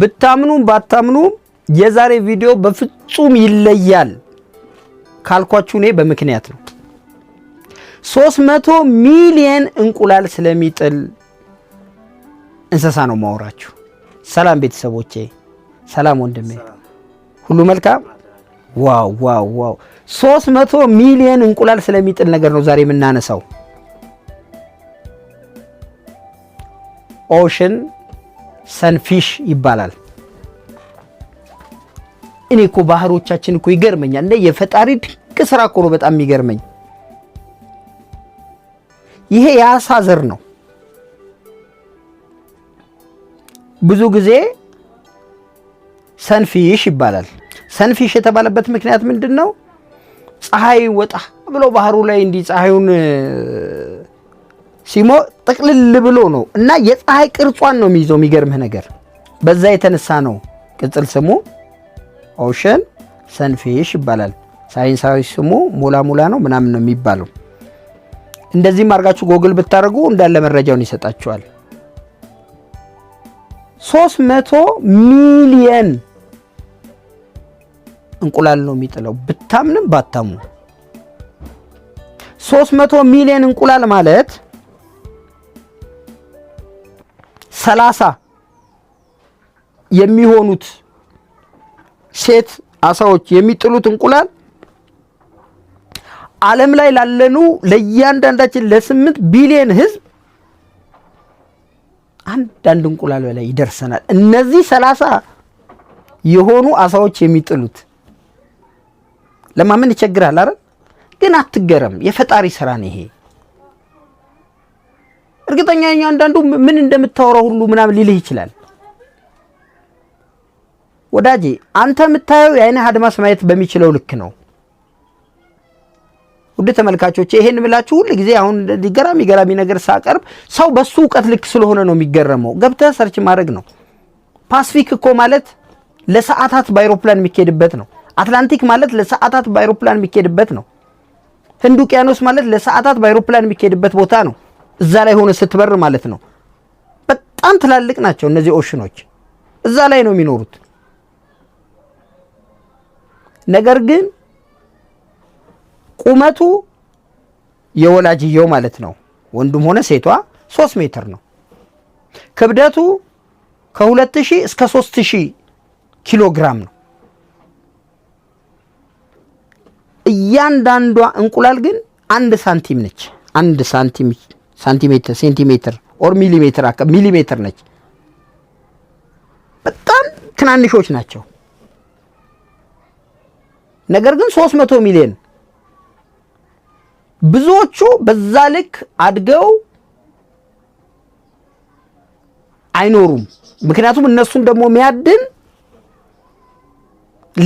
ብታምኑም ባታምኑም የዛሬ ቪዲዮ በፍጹም ይለያል ካልኳችሁ እኔ በምክንያት ነው። 300 ሚሊየን እንቁላል ስለሚጥል እንስሳ ነው ማወራችሁ። ሰላም ቤተሰቦቼ፣ ሰላም ወንድሜ፣ ሁሉ መልካም። ዋው ዋው ዋው! 300 ሚሊየን እንቁላል ስለሚጥል ነገር ነው ዛሬ የምናነሳው ኦሽን ሰንፊሽ ይባላል። እኔ እኮ ባህሮቻችን እኮ ይገርመኛል እንደ የፈጣሪ ድንቅ ስራ እኮ ነው በጣም የሚገርመኝ። ይሄ የአሳ ዘር ነው። ብዙ ጊዜ ሰንፊሽ ይባላል። ሰንፊሽ የተባለበት ምክንያት ምንድን ነው? ፀሐይ ወጣ ብሎ ባህሩ ላይ እንዲህ ፀሐዩን ሲሞ ጥቅልል ብሎ ነው እና የፀሐይ ቅርጿን ነው የሚይዘው። የሚገርምህ ነገር በዛ የተነሳ ነው ቅጽል ስሙ ኦሽን ሰንፊሽ ይባላል። ሳይንሳዊ ስሙ ሞላ ሙላ ነው ምናምን ነው የሚባለው። እንደዚህም አድርጋችሁ ጎግል ብታደርጉ እንዳለ መረጃውን ይሰጣችኋል። 300 መቶ ሚሊየን እንቁላል ነው የሚጥለው ብታምንም ባታሙ። 300 መቶ ሚሊየን እንቁላል ማለት ሰላሳ የሚሆኑት ሴት አሳዎች የሚጥሉት እንቁላል ዓለም ላይ ላለኑ ለእያንዳንዳችን ለስምንት ቢሊየን ህዝብ አንዳንድ እንቁላል በላይ ይደርሰናል። እነዚህ ሰላሳ የሆኑ አሳዎች የሚጥሉት ለማመን ይቸግራል አረ ግን አትገረም፣ የፈጣሪ ስራ ነው ይሄ። እርግጠኛ ነኝ አንዳንዱ ምን እንደምታወራው ሁሉ ምናምን ሊልህ ይችላል። ወዳጄ አንተ የምታየው የአይንህ አድማስ ማየት በሚችለው ልክ ነው። ውድ ተመልካቾች ይሄን ምላችሁ ሁል ጊዜ አሁን ገራሚ ገራሚ ነገር ሳቀርብ ሰው በሱ እውቀት ልክ ስለሆነ ነው የሚገረመው። ገብተህ ሰርች ማድረግ ነው። ፓስፊክ እኮ ማለት ለሰዓታት በአይሮፕላን የሚካሄድበት ነው። አትላንቲክ ማለት ለሰዓታት በአይሮፕላን የሚካሄድበት ነው። ህንድ ውቅያኖስ ማለት ለሰዓታት በአይሮፕላን የሚካሄድበት ቦታ ነው። እዛ ላይ ሆነ ስትበር ማለት ነው። በጣም ትላልቅ ናቸው እነዚህ ኦሽኖች፣ እዛ ላይ ነው የሚኖሩት። ነገር ግን ቁመቱ የወላጅየው ማለት ነው ወንዱም ሆነ ሴቷ ሶስት ሜትር ነው። ክብደቱ ከ2000 እስከ 3000 ኪሎ ግራም ነው። እያንዳንዷ እንቁላል ግን አንድ ሳንቲም ነች። አንድ ሳንቲም ሳንቲሜትር ሴንቲሜትር ኦር ሚሊሜትር ሚሊሜትር ነች። በጣም ትናንሾች ናቸው። ነገር ግን 300 ሚሊዮን ብዙዎቹ በዛ ልክ አድገው አይኖሩም። ምክንያቱም እነሱን ደግሞ የሚያድን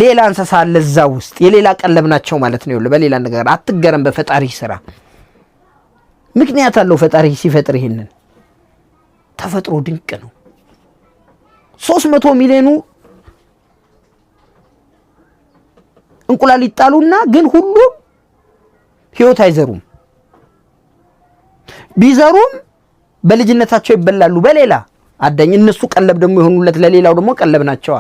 ሌላ እንስሳ አለ እዛ ውስጥ የሌላ ቀለብ ናቸው ማለት ነው። በሌላ ነገር አትገረም በፈጣሪ ስራ ምክንያት አለው ፈጣሪ ሲፈጥር። ይሄንን ተፈጥሮ ድንቅ ነው። ሶስት መቶ ሚሊዮኑ እንቁላል ይጣሉና ግን ሁሉም ህይወት አይዘሩም። ቢዘሩም በልጅነታቸው ይበላሉ በሌላ አዳኝ። እነሱ ቀለብ ደግሞ የሆኑለት ለሌላው ደግሞ ቀለብ ናቸዋ።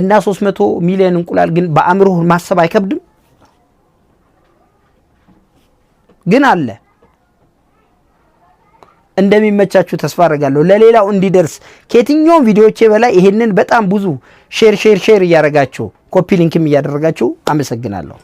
እና ሶስት መቶ ሚሊዮን እንቁላል ግን በአእምሮ ማሰብ አይከብድም? ግን አለ። እንደሚመቻችሁ ተስፋ አደርጋለሁ። ለሌላው እንዲደርስ ከየትኛውም ቪዲዮቼ በላይ ይሄንን በጣም ብዙ ሼር ሼር ሼር እያደረጋችሁ ኮፒ ሊንክም እያደረጋችሁ አመሰግናለሁ።